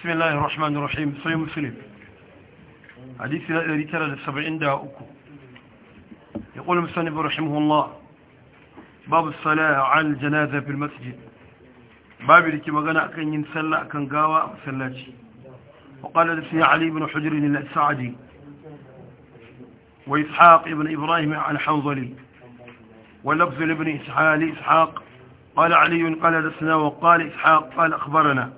بسم الله الرحمن الرحيم صحيح مسلم حديث الذي ترى للسبعين داءكم يقول المسلم رحمه الله باب الصلاة على الجنازة في المسجد باب لكي مغانا كان ينسلى كان قاوى مسلاتي وقال لسي علي بن حجر السعدي وإسحاق ابن إبراهيم عن حنظلي ولفظ لابن إسحاق قال علي قال حدثنا وقال إسحاق قال أخبرنا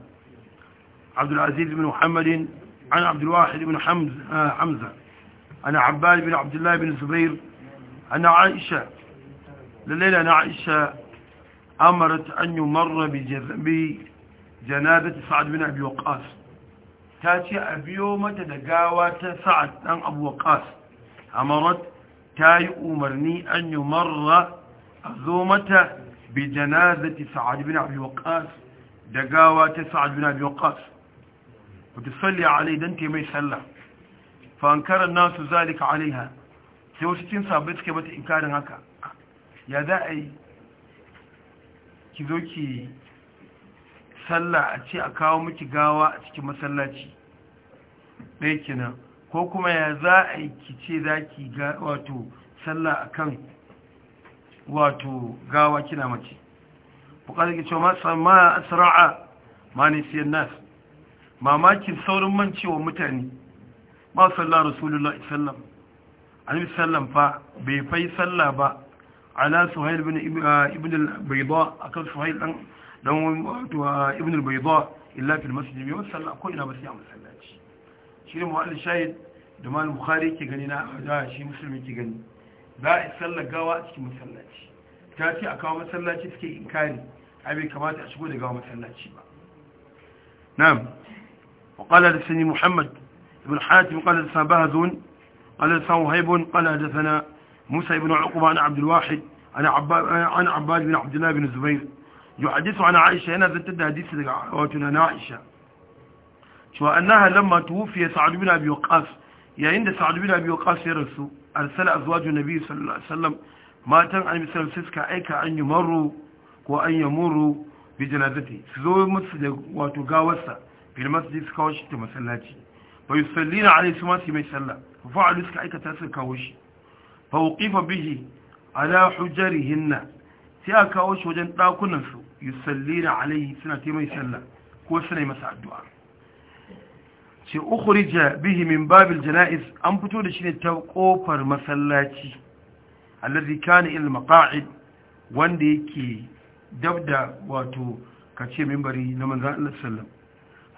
عبد العزيز بن محمد عن عبد الواحد بن حمزة, آه حمزة عن عباد بن عبد الله بن الزبير عن عائشة الليلة أن عائشة أمرت أن يمر بجنازة سعد بن أبي وقاص تاتي يوم دقاوة سعد بن أبو وقاص أمرت تاي أمرني أن يمر أزومة bi janazati sa'ad bin abi waqqas da gawa ta sa'ad bin abi waqqas wa tusalli alai dan ta mai fankara fa ankara nasu zalika alaiha sai wasu cin sabai suke mata inkarin haka ya za a yi ki zo ki sallah a ce a kawo miki gawa a cikin masallaci ɗaya kenan ko kuma ya za a yi ki ce za ki ga wato sallah a kan wato gawa kina mace bukatar ke cewa ma asra'a ma ne siyan nas mamakin saurin mancewa mutane ma sallah rasulullah sallam annabi sallam fa bai fai sallah ba ala suhail bin ibn al a kan suhail dan dan wato uh, ibn al-bayda illa fil masjid bi sallah ko ina ba sai a masallaci shi ne mu'allil shahid da mal bukhari ke gani na da shi musulmi ke gani ba a sallar gawa a cikin matsalaci ta ce a kawo matsalaci suke inkari abin kamata a shigo a gawa matsalaci ba na'am wakala da sani muhammad ibn hajji wakala da sani da sani haibun wakala da musa ibn al'uquba na abdulwahid ana abbas bin abdullahi bin zubair yau hadisu ana aisha yana zata da hadisu daga watuna na aisha cewa annaha lamma tuwufiya sa'adu bin abi waqas yayin da sa'ad bin abi waqas ya rasu arsala azwaju nabi sallallahu alaihi wasallam matan annabi sallallahu alaihi wasallam aika an yumaru ko an yamuru bi janazati su zo musu da wato gawarsa bil masjid su kawo shi ta masallaci fa yusallina alaihi su masu mai sallah fa fa'alu suka aikata su kawo shi fa uqifa bihi ala hujarihinna sai a kawo shi wajen dakunan su yusallina alaihi suna taimai sallah ko suna yi masa addu'a ce ukhrija bihi min babil janaiz an fito da shi ne ta kofar masallaci allazi kana il maqa'id wanda yake dabda wato kace minbari na manzo Allah sallallahu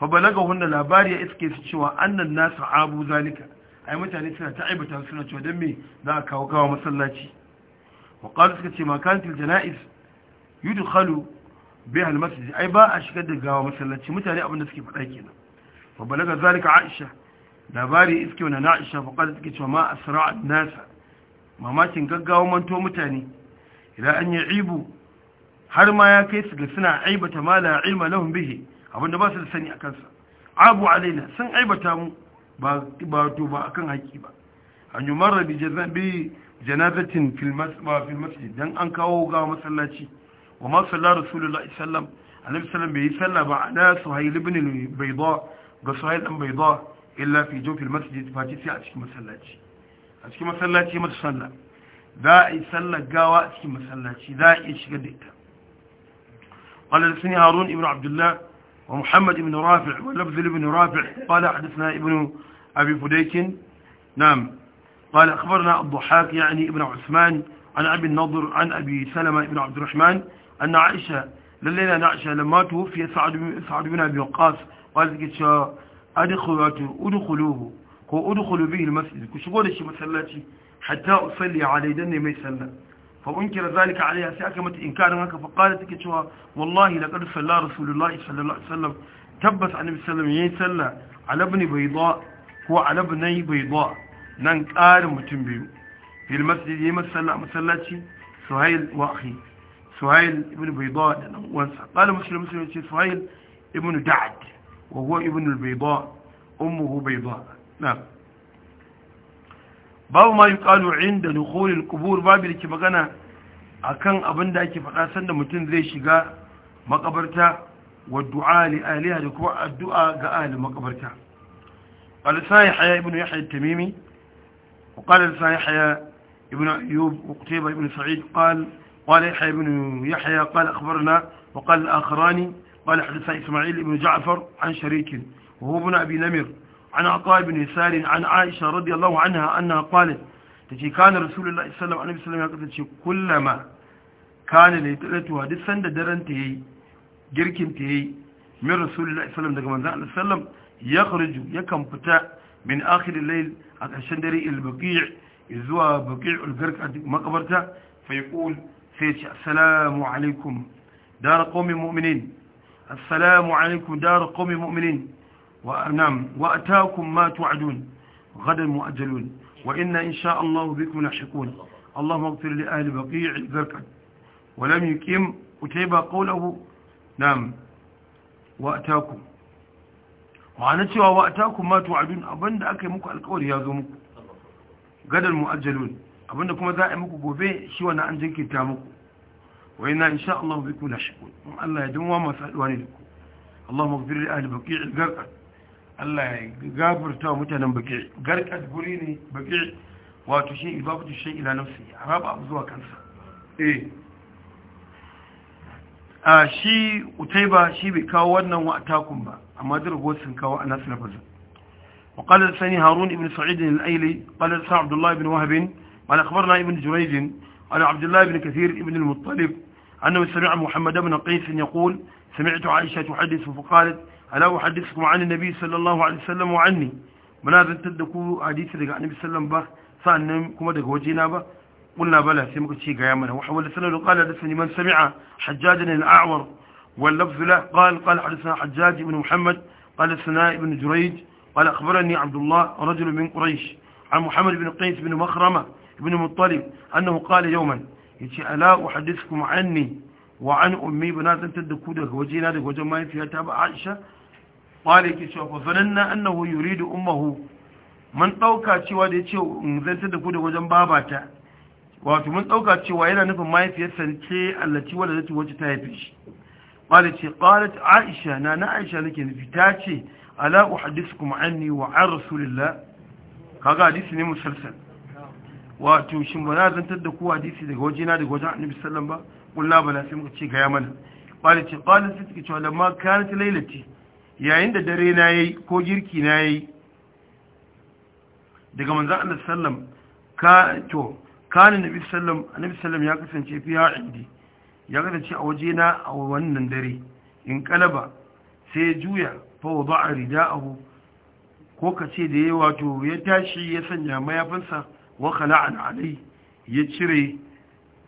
fa balaga hunna labari ya iske su cewa annan nasu abu zalika ai mutane suna ta aibata suna cewa dan me za a kawo gawa masallaci wa qalu suka ce ma kantil janaiz yudkhalu biha al masjid ai ba a shigar da gawa masallaci mutane abinda suke faɗa kenan fa balaga zalika aisha labari iske na aisha fa qalat ki ma asra'a nasa mamakin gaggawa manto mutane idan an ya'ibu har ma ya kai su ga suna aibata ma a ilma lahum bihi abinda ba su da sani a kansa abu alaina sun aibata mu ba ba to ba kan haƙi ba an yumarra bi jazabi janazatin fil masjid dan an kawo gawa masallaci wa ma sallar rasulullahi sallam alaihi sallam bai yi salla ba ala suhayl ibn al-bayda ga أم بيضاء إلا في جوف المسجد jofin masjid face مسلاتي a مسلاتي ما تصلى cikin masallaci mata sallah za a yi قال لسني هارون ابن عبد الله ومحمد بن رافع ولبذ بن رافع قال حدثنا ابن أبي فديك نعم قال أخبرنا الضحاك يعني ابن عثمان عن أبي النضر عن أبي سلمة بن عبد الرحمن أن عائشة لليلة عائشة لما توفي سعد بن أبي وقاص waziki cewa adkhulatu udkhuluhu ko udkhulu bihi almasjid ku shigo da shi masallaci hatta usalli alai dan ne mai sallah fa unkira zalika alaiha sai aka mata inkarin haka fa qala take cewa wallahi laqad salla rasulullahi sallallahu alaihi wasallam tabbas annabi sallallahu alaihi wasallam yayin sallah ala ibn bayda ko ala ibnai bayda nan ƙarin mutum biyu fil masjid yi masallaci suhail wa akhi suhail ibn bayda da nan uwansa qala muslim muslim ce suhail ibn da'ad وهو ابن البيضاء أمه بيضاء نعم باب ما يقال عند دخول القبور باب اللي كي مغنى akan abin da ake faɗa sanda mutum zai shiga makabarta wa du'a li aliha da kuma addu'a ga ahli makabarta qala sayyid ibn yahya at-tamimi wa qala sayyid ibn ayyub wa qutaybah ibn sa'id qala qala sayyid ibn yahya qala akhbarna wa qala al-akhrani قال حدثنا إسماعيل بن جعفر عن شريك وهو ابن أبي نمر عن عطاء بن يسار عن عائشة رضي الله عنها أنها قالت تجي كان رسول الله صلى الله عليه وسلم يقول كلما كان ليتلتها دي سند درن تهي جركن تهي من رسول الله صلى الله عليه وسلم يخرج يكم فتاء من آخر الليل أكشن دري البقيع إذوا بقيع القرق مقبرته فيقول سيتش السلام عليكم دار قوم مؤمنين السلام عليكم دار قوم مؤمنين ونعم وأتاكم ما توعدون غدا مؤجلون وإنا إن شاء الله بكم لاحقون اللهم اغفر لأهل بقيع ذكا ولم يكيم أتيبا قوله نعم وأتاكم وعنتي وأتاكم ما توعدون أبند أكي مكو الكور يا ذمك غدا مؤجلون أبندكم ذائمكم بوفي انا أنجنك تامكم وإنا إن شاء الله بكم لاحقون الله يدوم وما فعلوان لكم اللهم اغفر لأهل بقيع القرقد الله يغفر تو متنن بقيع قرقد غريني بقيع wato shi ibabatu shi ila nafsi raba abu zuwa kansa eh a shi utaiba shi bai kawo wannan wa atakun ba amma dirgo sun kawo anas lafazin وقال ثاني هارون بن سعيد الايلي قال سعد الله بن وهب قال اخبرنا ابن جريج عن عبد الله بن كثير بن المطلب أنه سمع محمد بن قيس يقول سمعت عائشة تحدث فقالت ألا أحدثكم عن النبي صلى الله عليه وسلم وعني هذا تدكو حديث عن النبي صلى الله عليه وسلم با سأنم كما دكو وجينا قلنا بلى سمك شيء قياما وحول السنة قال حدثني من سمع حجاجا الأعور واللفظ له قال قال حدثنا حجاج بن محمد قال سناء بن جريج قال أخبرني عبد الله رجل من قريش عن محمد بن قيس بن مخرمة ibn muttalib annahu qala yawman yace ala uhaddithukum anni wa an ummi bana zantar da ku daga wajena daga wajen mahaifiyata ba Aisha qala yake cewa fa zananna annahu yuridu ummuhu mun dauka cewa da zantar da ku daga wajen babata wato mun dauka cewa yana nufin mahaifiyarsa ce allaci wadda zata wace ta haife shi qala ce qalat Aisha na na Aisha nufi ta ce ala uhaddithukum anni wa an hadisi ne musalsal wato shin ba za a zantar da ku hadisi daga wajena daga wajen annabi sallam ba kullu bala sai muka ce gaya mana qala ce qala sai take cewa lamma kanat lailati yayin da dare na yayi ko girki na yayi daga manzon annabi sallam ka to kana nabi sallam annabi sallam ya kasance fiya indi ya kasance a wajena a wannan dare in kalaba sai juya fa wada'a rida'ahu ko kace da yayi wato ya tashi ya sanya mayafinsa wa khala'an alai ya cire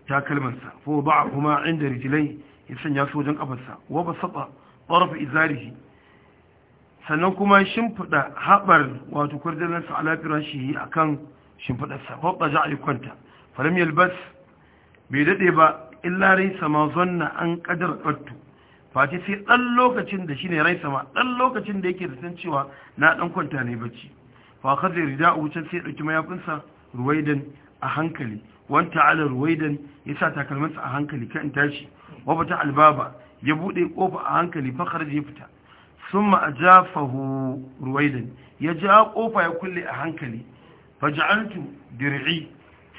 takalmansa ba a kuma inda rijilai ya sanya su wajen kafarsa wa saba taraf izarihi sannan kuma shimfiɗa haɓar wato kurdanarsa ala a akan shimfidarsa fa yi kwanta falam yalbas bai daɗe ba illa rai ma zonna an ƙadar qattu face sai ɗan lokacin da shi ne rai sama, ɗan lokacin da yake da san cewa na ɗan kwanta ne bacci fa khadhi rida'u can sai ɗauki mayafinsa ruwaidan a hankali wanta ala ruwaidan ya sa takalmansa a hankali kan tashi wabata albaba ya buɗe kofa a hankali fakar ya fita sun ma'ajafahu ruwaidan ya ja kofa ya kulle a hankali faja'altu dir'i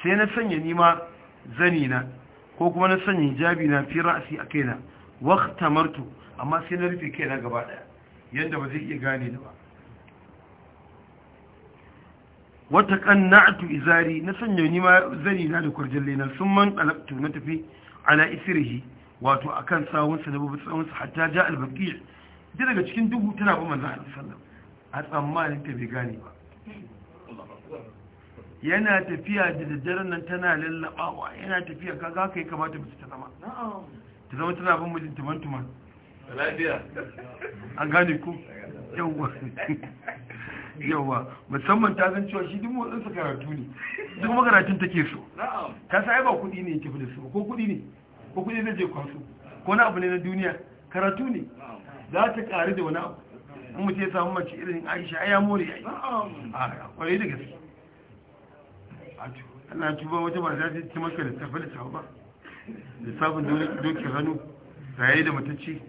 sai na sanya nima zanina ko kuma na sanya hijabi na fi ra'asi a kaina waqtamartu amma sai na rufe kaina gaba daya yanda ba zai iya gane ni ba wata qanna'tu izari na sanya ni ma zari na da kwarjalle sun man talaqtu na tafi ala isirhi wato akan kan sawunsa na babban sawun hatta ja al-baqi' ji daga cikin dubu tana ba manzan Allah sallallahu a tsammanin ta bai gane ba yana tafiya da daddaren nan tana lallabawa yana tafiya ka yi kamata mace ta zama ta zama tana bin mijinta mantuman lafiya an gane ku yawa musamman ta zan cewa shi duk motsin su karatu ne duk makaratun take so ka sai ba kudi ne yake da su ko kudi ne ko kudi zai je kwaso ko na abu ne na duniya karatu ne za ta ƙari da wani abu mu ce ya samu mace irin aisha ai ya more ai a kwarai da gaske ci tuba wata ba za ta ci maka da tafi da tafi ba da sabon dokin hannu raye da matacce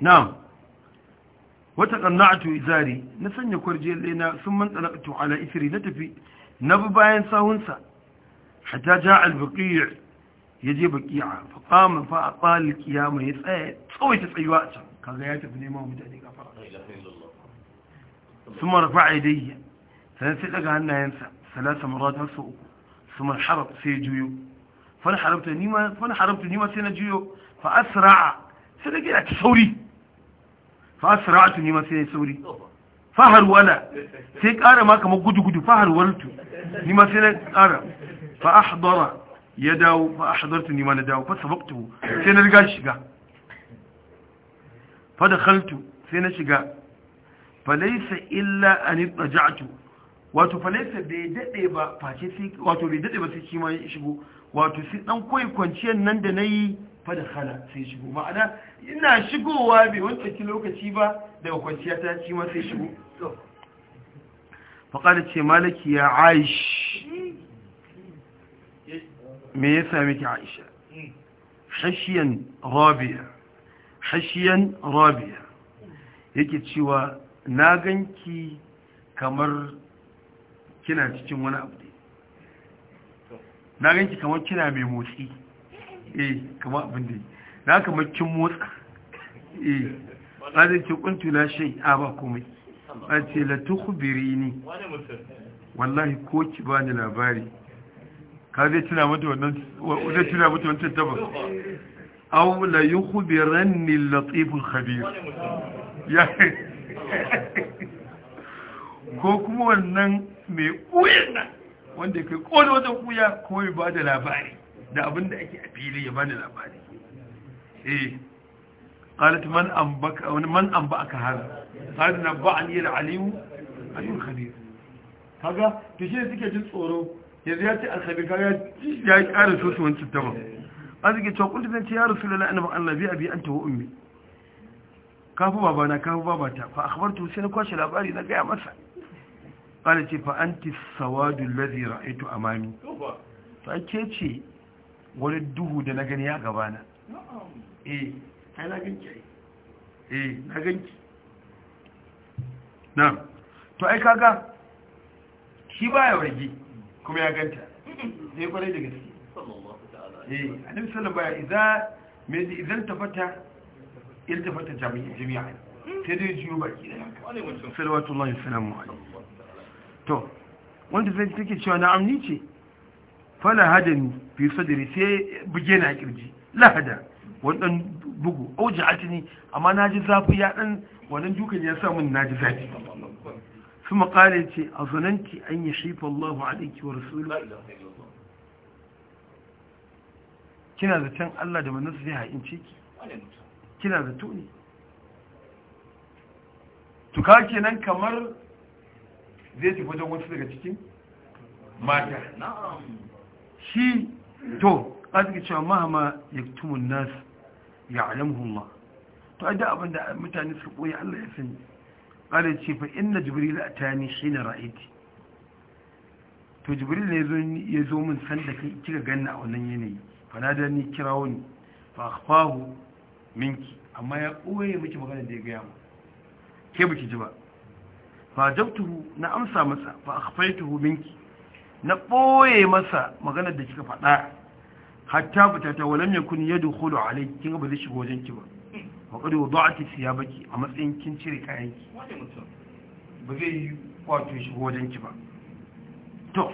نعم وتقنعت إزاري نسن كورجي لنا ثم انطلقت على إثري نتفي نبو باين ساونسا حتى جاء البقيع يجي بقيعة فقام فأطال الكيامة يسأل سويت سعيواتا قال يا تبني ما مدعني قفر ثم رفع يديه فنسل لقى أن ينسى ثلاث مرات أسوء ثم الحرب سيجيو فأنا حربت نيمة فأنا حربت سي جيو فأسرع سنجيلك سوري fasiratu ne masu yin sauri fahar wala sai ƙara ma kamar gudu-gudu fahar waltu ni ma sai na ƙara fa ya dawo fa ahdartu ni ma na dawo fa sabaqtu sai na riga shiga fada khaltu sai na shiga falaisa illa a nitsa ja'atu wato falaisa bai dade ba face sai wato bai dade ba sai shi ma ya shigo wato sai dan koyi nan da na yi. fadakhala khala sai shigo ma'ana ina shigowa bai wancan lokaci ba daga kwanciya ta ci ma sai shigo faƙada ce malaki ya aish me ya sami ki aisha hashiyan rabia hashiyan rabia yake cewa na ganki kamar kina cikin wani abu na ganki kamar kina mai motsi eh kamar abin da na haka makin motsa eh ba zai ce kuntu na shai a ba komai a ce latuku biri ne wallahi ko ki ba ni labari ka zai tuna mutu wannan zai tuna mutu wancan taba aw la yukhbiranni al-latif al-khabir ya ko kuma wannan mai nan, wanda ke ko da wata kuya kuma ba da labari da abin da ake a fili ya bani labari eh man قالت من أنبك من أنبأك هذا قالت Aliyu, العليم عليم الخبير kaga to shi suke jin tsoro yanzu ya ce alkhabir kaga ya yi ƙara so su wancan tamam an suke cewa kuntu zan ce ya rasu lalai annabi Allah bi abi anta wa ummi kafu babana kafu babata fa akhbartu sai na kwashi labari na gaya masa qala ce fa anti sawadu alladhi ra'aytu amami fa ke ce wani duhu da na gani ya gabana eh. eh na ganki eh na ganki na to ai kaga shi ba ya wargi kuma ya ganta ne eh, kwarai da gaske eh annabi sallallahu alaihi wasallam me idan tafata tafata jami'a jami'a mm. sai dai jiyo baki da yanka sallallahu alaihi wasallam to wanda zai take cewa na amni ce fala hadani fi sadri sai buge na kirji lahada wannan bugu auji atini amma naji zafi ya dan wannan dukan ya sa min naji zafi ce ثم قال يتي أظننت أن يشيف الله عليك ورسوله kina da zaton Allah da manzansa zai haince ciki? kina da tuni? Tuka ka kenan kamar zai tafi wajen wasu daga cikin mata shi to aziki cewa mahama nasu, ya ya'lamuhu Allah to a da abin da mutane su koya, Allah ya sani qala ce fa inna jibril shi na ra'iti to jibril ne ya zo min sanda da kai kika ganna a wannan yanayi fana da ni kirawo ni fa akhfahu minki amma ya koye miki magana da ya gaya mu ke biki ji ba fa jabtuhu na amsa masa fa akhfaituhu minki na ɓoye masa maganar da kika faɗa hatta fita ta walam ya kun yadu hudu a alai kin ba zai shiga wajen ki ba maƙar yau ba a ta siya baki a matsayin kin cire kayan ki ba zai yi ya shiga wajen ki ba to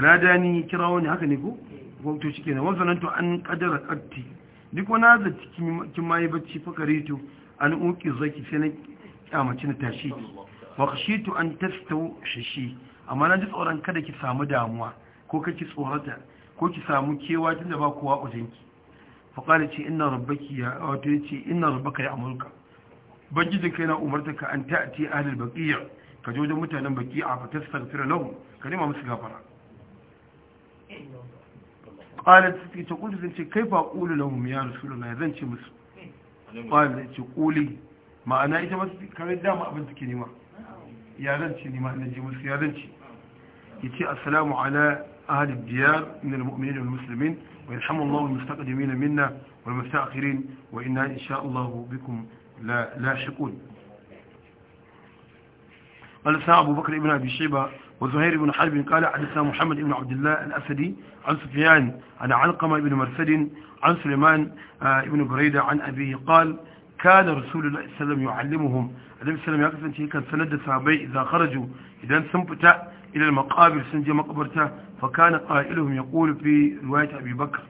da ni kira wani haka ne ko wato shi kenan wanzu nan to an kadara ƙarti duk wani azar kin ma bacci fakari to an uki zaki sai na kyamaci na tashi wa kashi to an tasta shashi amma na ji tsoron kada ki samu damuwa ko kake tsorata ko ki samu kewa tunda ba kowa ujanki fa qala ce inna rabbaki ya wato yace inna rabbaka ya amurka bangijin kai na umarta ka an ta'ati ahlul baqiya ka jojo mutanen baqiya fa tastaghfira lahum ka nima musu gafara qalat fi taqulu zan ce kai fa qulu lahum ya rasuluna zan ce musu qala ce quli ma'ana ita ba kare dama abin take nima ya zan ce nema ina ji musu ya zan ce يتي السلام على أهل الديار من المؤمنين والمسلمين ويرحم الله المستقدمين منا والمستأخرين وإنا إن شاء الله بكم لا لاحقون قال سنا أبو بكر بن أبي شيبة وزهير بن حرب قال حدثنا محمد بن عبد الله الأسدي عن سفيان عن علقمة بن مرسد عن سليمان آه، بن بريدة عن أبيه قال كان رسول الله صلى الله عليه وسلم يعلمهم النبي صلى الله عليه وسلم يقول كان سند الصحابي إذا خرجوا إذا سنبتا إلى المقابر sun مقبرته فكان قائلهم يقول في رواية أبي بكر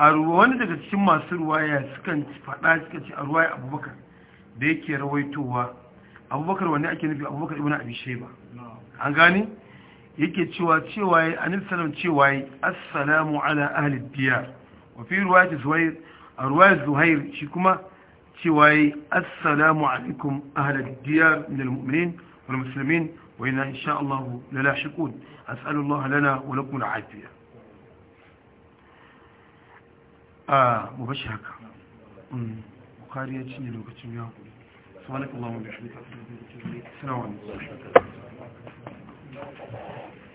أروان دقى تشمع سرواية سكنت فلا سكنت أرواية أبو بكر ديكي رويتوها أبو بكر وانا نبي أبو بكر ابن أبي شيبة yake cewa cewaye anil salam assalamu ala ahli diyar wa zuhair a zuhair shi kuma cewaye assalamu alaikum ahli diyar min wal muslimin وإنا إن شاء الله للاحقون أسأل الله لنا ولكم العافية آه مباشر هكا بخاري يتشني لو كتشم يا سبحانك اللهم وبحمدك السلام عليكم